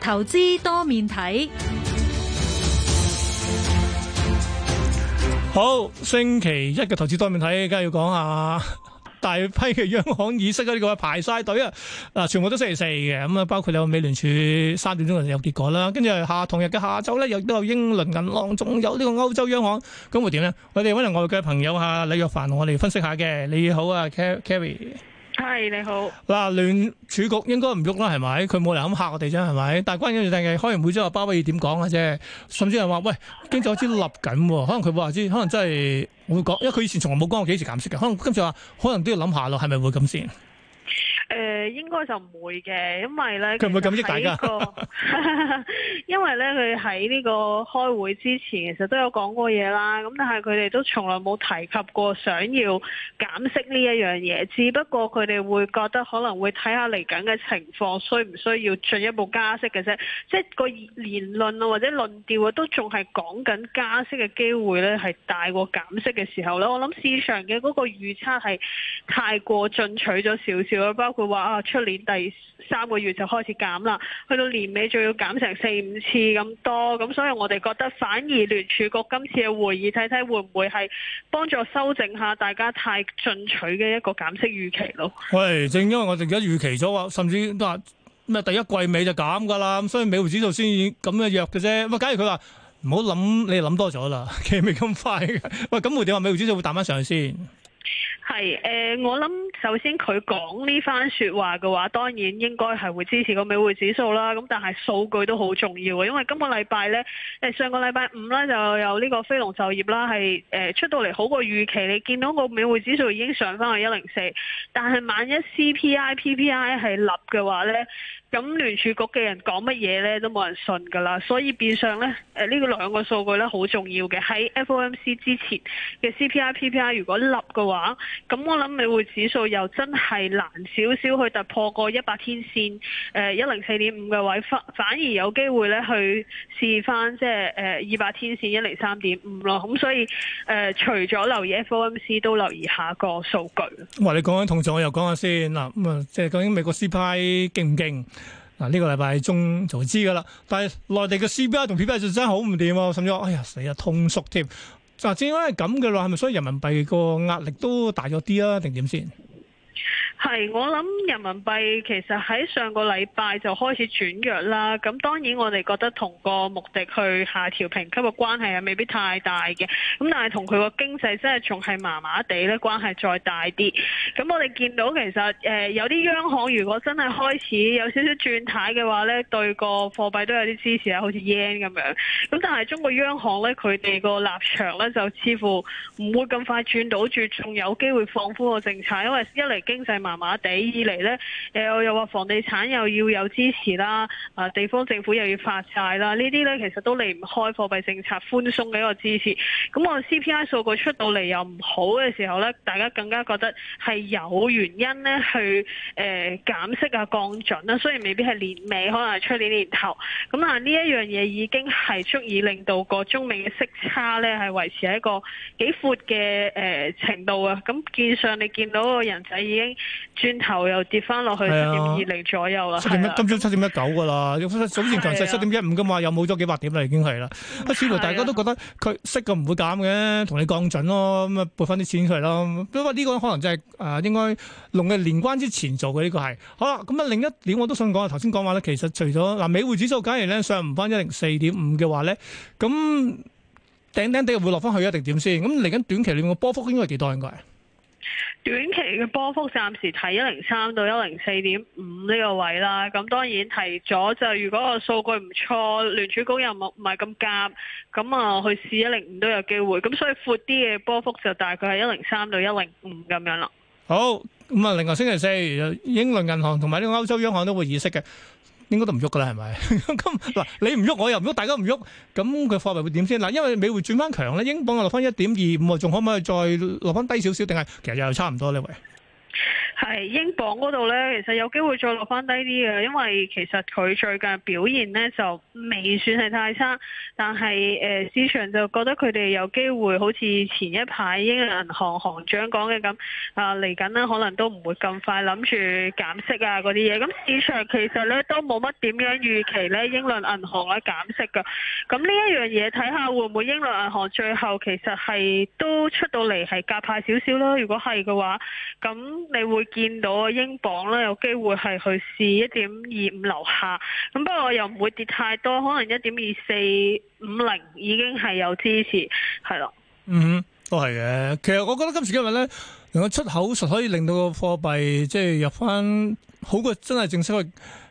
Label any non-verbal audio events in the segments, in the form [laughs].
投資多面睇，好星期一嘅投資多面睇，梗係要講下大批嘅央行議息啊，呢個排晒隊啊，嗱，全部都星期四嘅，咁啊，包括你有美聯儲三點鐘有結果啦，跟住下同日嘅下晝咧，又都有英倫銀行，仲有呢個歐洲央行，咁會點呢？我哋搵嚟外嘅朋友啊，李若凡同我哋分析下嘅，你好啊，Carry。係你好，嗱，聯儲局應該唔喐啦，係咪？佢冇嚟咁吓我哋啫，係咪？但係關鍵就係開完會之後，鮑威爾點講啊？啫，甚至係話喂，經濟好似立緊啊，可能佢話之，可能真係會講，因為佢以前從來冇講過幾時減息嘅，可能今次話，可能都要諗下咯，係咪會咁先？誒、呃、應該就唔會嘅，因為咧佢唔會減息底㗎，因為咧佢喺呢個開會之前其實都有講過嘢啦，咁但係佢哋都從來冇提及過想要減息呢一樣嘢，只不過佢哋會覺得可能會睇下嚟緊嘅情況需唔需要進一步加息嘅、就、啫、是，即係個言論啊或者論調啊都仲係講緊加息嘅機會咧係大過減息嘅時候咧，我諗市場嘅嗰個預測係太過進取咗少少啦，包括。佢話啊，出年第三個月就開始減啦，去到年尾仲要減成四五次咁多，咁所以我哋覺得反而聯儲局今次嘅會議，睇睇會唔會係幫助修正下大家太進取嘅一個減息預期咯。喂，正因為我哋而家預期咗話，甚至都話咩第一季尾就減噶啦，咁所以美元指數先咁嘅弱嘅啫。咁假如佢話唔好諗，你諗多咗啦，企未咁快，喂，咁會點啊？美元指數會彈翻上去先？係、呃、我諗首先佢講呢番説話嘅話，當然應該係會支持個美匯指數啦。咁但係數據都好重要嘅，因為今個禮拜呢，誒、呃、上個禮拜五呢就有呢個非農就業啦係誒、呃、出到嚟好過預期，你見到個美匯指數已經上返去一零四，但係萬一 CPI、PPI 係立嘅話呢。咁聯儲局嘅人講乜嘢咧，都冇人信噶啦。所以變相咧，誒、呃、呢個兩個數據咧好重要嘅。喺 FOMC 之前嘅 CPI、PPI 如果立嘅話，咁我諗美匯指數又真係難少少去突破過一百天線誒一零四點五嘅位，反反而有機會咧去試翻即係誒二百天線一零三點五咯。咁、呃、所以誒、呃，除咗留意 FOMC，都留意下個數據。哇！你講緊同時，我又講下先嗱，咁啊，即係究竟美國 CPI 勁唔勁？嗱呢、啊這個禮拜中就知噶啦，但係內地嘅 CPI 同 PPI 就真係好唔掂喎，甚至話哎呀死痛啊通縮添。嗱正因為咁嘅話，係咪所以人民幣個壓力都大咗啲啊？定點先？係，我諗人民幣其實喺上個禮拜就開始轉弱啦。咁當然我哋覺得同個目的去下調評級嘅關係係未必太大嘅。咁但係同佢個經濟真係仲係麻麻地咧，關係再大啲。咁我哋見到其實誒、呃、有啲央行如果真係開始有少少轉軚嘅話咧，對個貨幣都有啲支持啊，好似 yen 咁樣。咁但係中國央行咧，佢哋個立場咧就似乎唔會咁快轉到住，仲有機會放寬個政策，因為一嚟經濟麻麻地以嚟呢，誒我又話房地產又要有支持啦，啊地方政府又要發債啦，呢啲呢，其實都離唔開貨幣政策寬鬆嘅一個支持。咁我 CPI 數據出到嚟又唔好嘅時候呢，大家更加覺得係有原因呢去誒、呃、減息啊降準啦。雖然未必係年尾，可能係出年年頭。咁但呢一樣嘢已經係足以令到個中美嘅息差呢係維持喺一個幾闊嘅誒程度啊。咁見上你見到個人仔已經。轉頭又跌翻落去七點二零左右啦，七點一，今朝七點一九噶啦，早前強勢七點一五噶嘛，又冇咗幾百點啦，已經係啦。似乎大家都覺得佢息嘅唔會減嘅，同你降準咯，咁啊撥翻啲錢出嚟咯。不過呢個可能就係誒，應該農曆年關之前做嘅呢個係。好啦，咁啊另一點我都想講，頭先講話咧，其實除咗嗱，美匯指數假如咧上唔翻一零四點五嘅話咧，咁頂頂哋會落翻去一定點先？咁嚟緊短期裏面波幅應該係幾多？應該？短期嘅波幅暫時睇一零三到一零四點五呢個位啦，咁當然提咗就如果個數據唔錯，聯儲局又唔係咁急，咁啊去試一零五都有機會，咁所以闊啲嘅波幅就大概係一零三到一零五咁樣啦。好，咁啊，另外星期四英倫銀行同埋呢個歐洲央行都會議息嘅。應該都唔喐噶啦，係咪？咁嗱，你唔喐，我又唔喐，大家唔喐，咁佢貨幣會點先？嗱，因為美匯轉翻強咧，英鎊落翻一點二五，仲可唔可以再落翻低少少？定係其實又差唔多呢位？係英鎊嗰度咧，其實有機會再落翻低啲嘅，因為其實佢最近表現咧就未算係太差，但係誒、呃、市場就覺得佢哋有機會，好似前一排英倫銀行行長講嘅咁啊，嚟緊呢，可能都唔會咁快諗住減息啊嗰啲嘢。咁市場其實咧都冇乜點樣預期咧英倫銀行咧減息㗎。咁呢一樣嘢睇下會唔會英倫銀行最後其實係都出到嚟係夾派少少啦。如果係嘅話，咁你會。見到英鎊咧有機會係去試一點二五樓下，咁不過又唔會跌太多，可能一點二四五零已經係有支持，係咯。嗯，都係嘅。其實我覺得今時今日咧，用個出口實可以令到個貨幣即係入翻好過真係正式去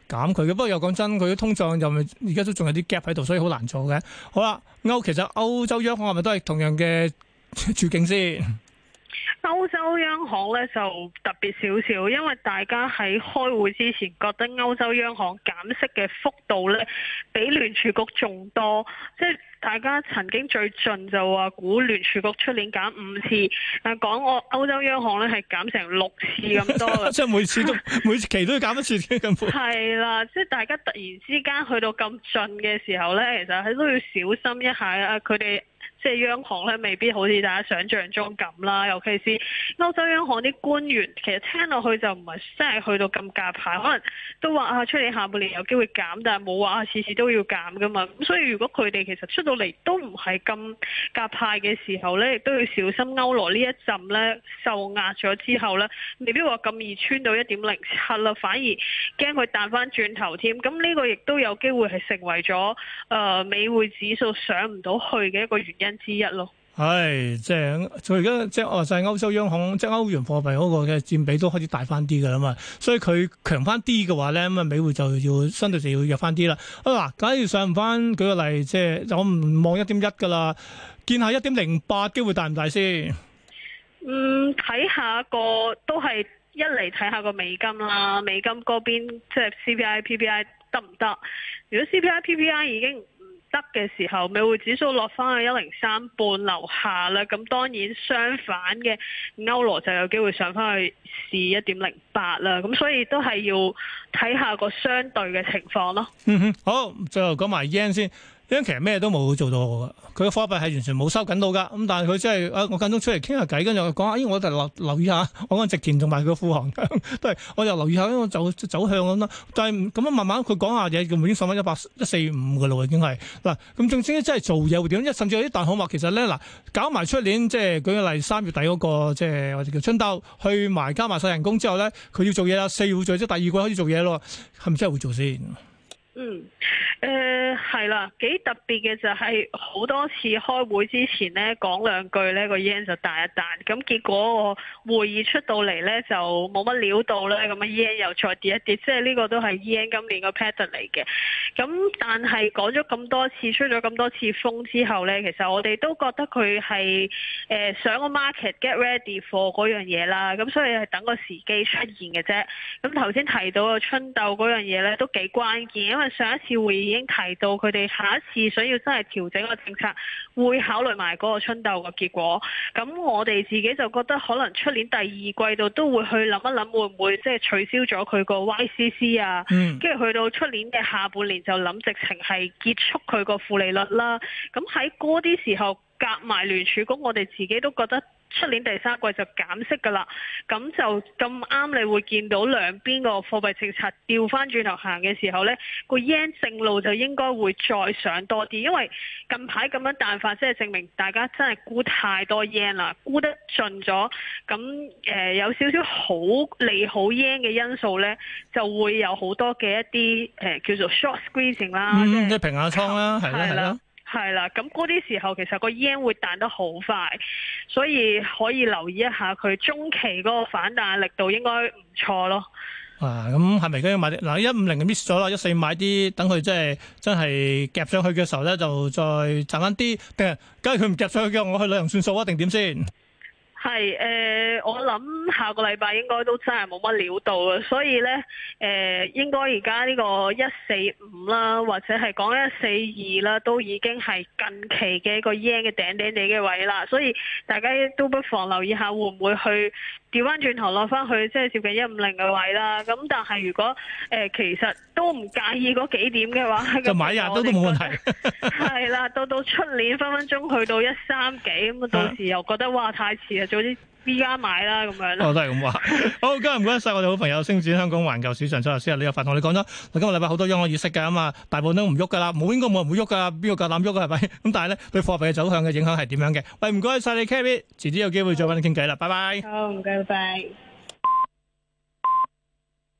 減佢嘅。不過又講真，佢啲通脹又咪而家都仲有啲 gap 喺度，所以好難做嘅。好啦，歐其實歐洲央行係咪都係同樣嘅處境先？歐洲央行咧就特別少少，因為大家喺開會之前覺得歐洲央行減息嘅幅度咧比聯儲局仲多，即係大家曾經最盡就話估聯儲局出年減五次，但講我歐洲央行咧係減成六次咁多 [laughs] [laughs] 即係每次都每期都要減一次咁多。係啦， [laughs] 即係大家突然之間去到咁盡嘅時候咧，其實係都要小心一下啊！佢哋。即係央行咧，未必好似大家想象中咁啦。尤其是歐洲央行啲官員其實聽落去就唔係真係去到咁夾派，可能都話啊，出年下半年有機會減，但係冇話啊，次次都要減噶嘛。咁所以如果佢哋其實出到嚟都唔係咁夾派嘅時候咧，亦都要小心歐羅呢一陣咧受壓咗之後咧，未必話咁易穿到一點零七啦，反而驚佢彈翻轉頭添。咁呢個亦都有機會係成為咗誒、呃、美匯指數上唔到去嘅一個原因。之一咯，係即係，最而家即係話晒歐洲央行，即係歐元貨幣嗰個嘅佔比都開始大翻啲噶啦嘛，所以佢強翻啲嘅話咧，咁啊美匯就要相對就要弱翻啲啦。啊嗱，假如上唔翻舉個例，即係我唔望一點一噶啦，見下一點零八機會大唔大先？嗯，睇下個都係一嚟睇下個美金啦，美金嗰邊即係 CPI、PPI 得唔得？如果 CPI、PPI 已經得嘅時候，美匯指數落翻去一零三半樓下啦。咁當然相反嘅歐羅就有機會上翻去試一點零八啦，咁所以都係要睇下個相對嘅情況咯。嗯哼，好，最後講埋 yen 先。因為其實咩都冇做到嘅，佢嘅貨幣係完全冇收緊到㗎。咁但係佢真係啊，我間中出嚟傾下偈，跟住講啊，咦、哎！我就留留意下，我講植田同埋佢個副行。都 [laughs] 係，我就留意下呢個走走向咁咯。但係咁樣慢慢佢講下嘢，佢已經上翻一百一四五嘅咯，已經係嗱。咁正正真係做嘢會點？一甚至有啲大項目其實咧嗱，搞埋出年即係、就是、舉例三月底嗰、那個即係、就是、或者叫春鬥去埋加埋晒人工之後咧，佢要做嘢啦。四會做即、就是、第二季開始做嘢咯，係咪真係會做先？嗯，誒、呃，係啦，幾特別嘅就係好多次開會之前咧講兩句咧個 yen 就彈一彈，咁結果個會議出到嚟咧就冇乜料到咧，咁啊 yen 又再跌一跌，即係呢個都係 yen 今年個 pattern 嚟嘅。咁但係講咗咁多次出咗咁多次風之後咧，其實我哋都覺得佢係誒想個 market get ready for 嗰樣嘢啦，咁所以係等個時機出現嘅啫。咁頭先提到個春鬥嗰樣嘢咧都幾關鍵。因為上一次會議已經提到，佢哋下一次想要真係調整個政策，會考慮埋嗰個春鬥個結果。咁我哋自己就覺得，可能出年第二季度都會去諗一諗，會唔會即係取消咗佢個 YCC 啊？跟住、嗯、去到出年嘅下半年就諗直情係結束佢個負利率啦。咁喺嗰啲時候。夾埋聯儲局，我哋自己都覺得出年第三季就減息㗎啦。咁就咁啱，你會見到兩邊個貨幣政策調翻轉頭行嘅時候，呢個 yen 正路就應該會再上多啲，因為近排咁樣淡化，即係證明大家真係沽太多 yen 啦，沽得盡咗。咁誒有少少好利好 yen 嘅因素呢，就會有好多嘅一啲誒、呃、叫做 short squeezing 啦，即係、嗯嗯、平下倉啦，係啦。係啦，咁嗰啲時候其實個 yen 會彈得好快，所以可以留意一下佢中期嗰個反彈力度應該唔錯咯。啊，咁係咪都要買啲？嗱，一五零就 miss 咗啦，一四買啲，等佢即係真係夾上去嘅時候咧，就再賺翻啲。定係，梗係佢唔夾上去嘅，我去旅行算數啊？定點先？係誒、呃，我諗下個禮拜應該都真係冇乜料到啦，所以咧誒、呃，應該而家呢個一四五啦，或者係講一四二啦，都已經係近期嘅一個 yan 嘅頂頂地嘅位啦。所以大家都不妨留意下會唔會去調翻轉頭落翻去，即係接近一五零嘅位啦。咁但係如果誒、呃，其實都唔介意嗰幾點嘅話，就買日都都冇問題。係 [laughs] 啦，到到出年分分鐘去到一三幾咁啊，到時又覺得哇太遲啊！做啲 B 加買啦，咁樣咯、 [laughs] 哦。我都係咁話。好，今日唔該晒我哋好朋友星展香港環球市場周老師啊，李若凡同你講咗，今個禮拜好多央行議息㗎嘛，大部分都唔喐㗎啦，冇應該冇人會喐㗎，邊個夠膽喐係咪？咁但係咧，對貨幣嘅走向嘅影響係點樣嘅？喂，唔該晒你 Kevin，遲啲有機會再揾你傾偈啦，拜拜。好，唔該，拜。